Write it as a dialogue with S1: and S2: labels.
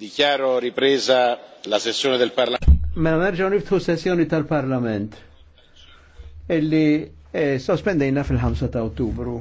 S1: Dichiaro ripresa la sessione del Parlamento.
S2: Mela nerġgħu niftħu sessjoni tal-Parlament illi e, sospendejna fil-5 ta' Ottubru.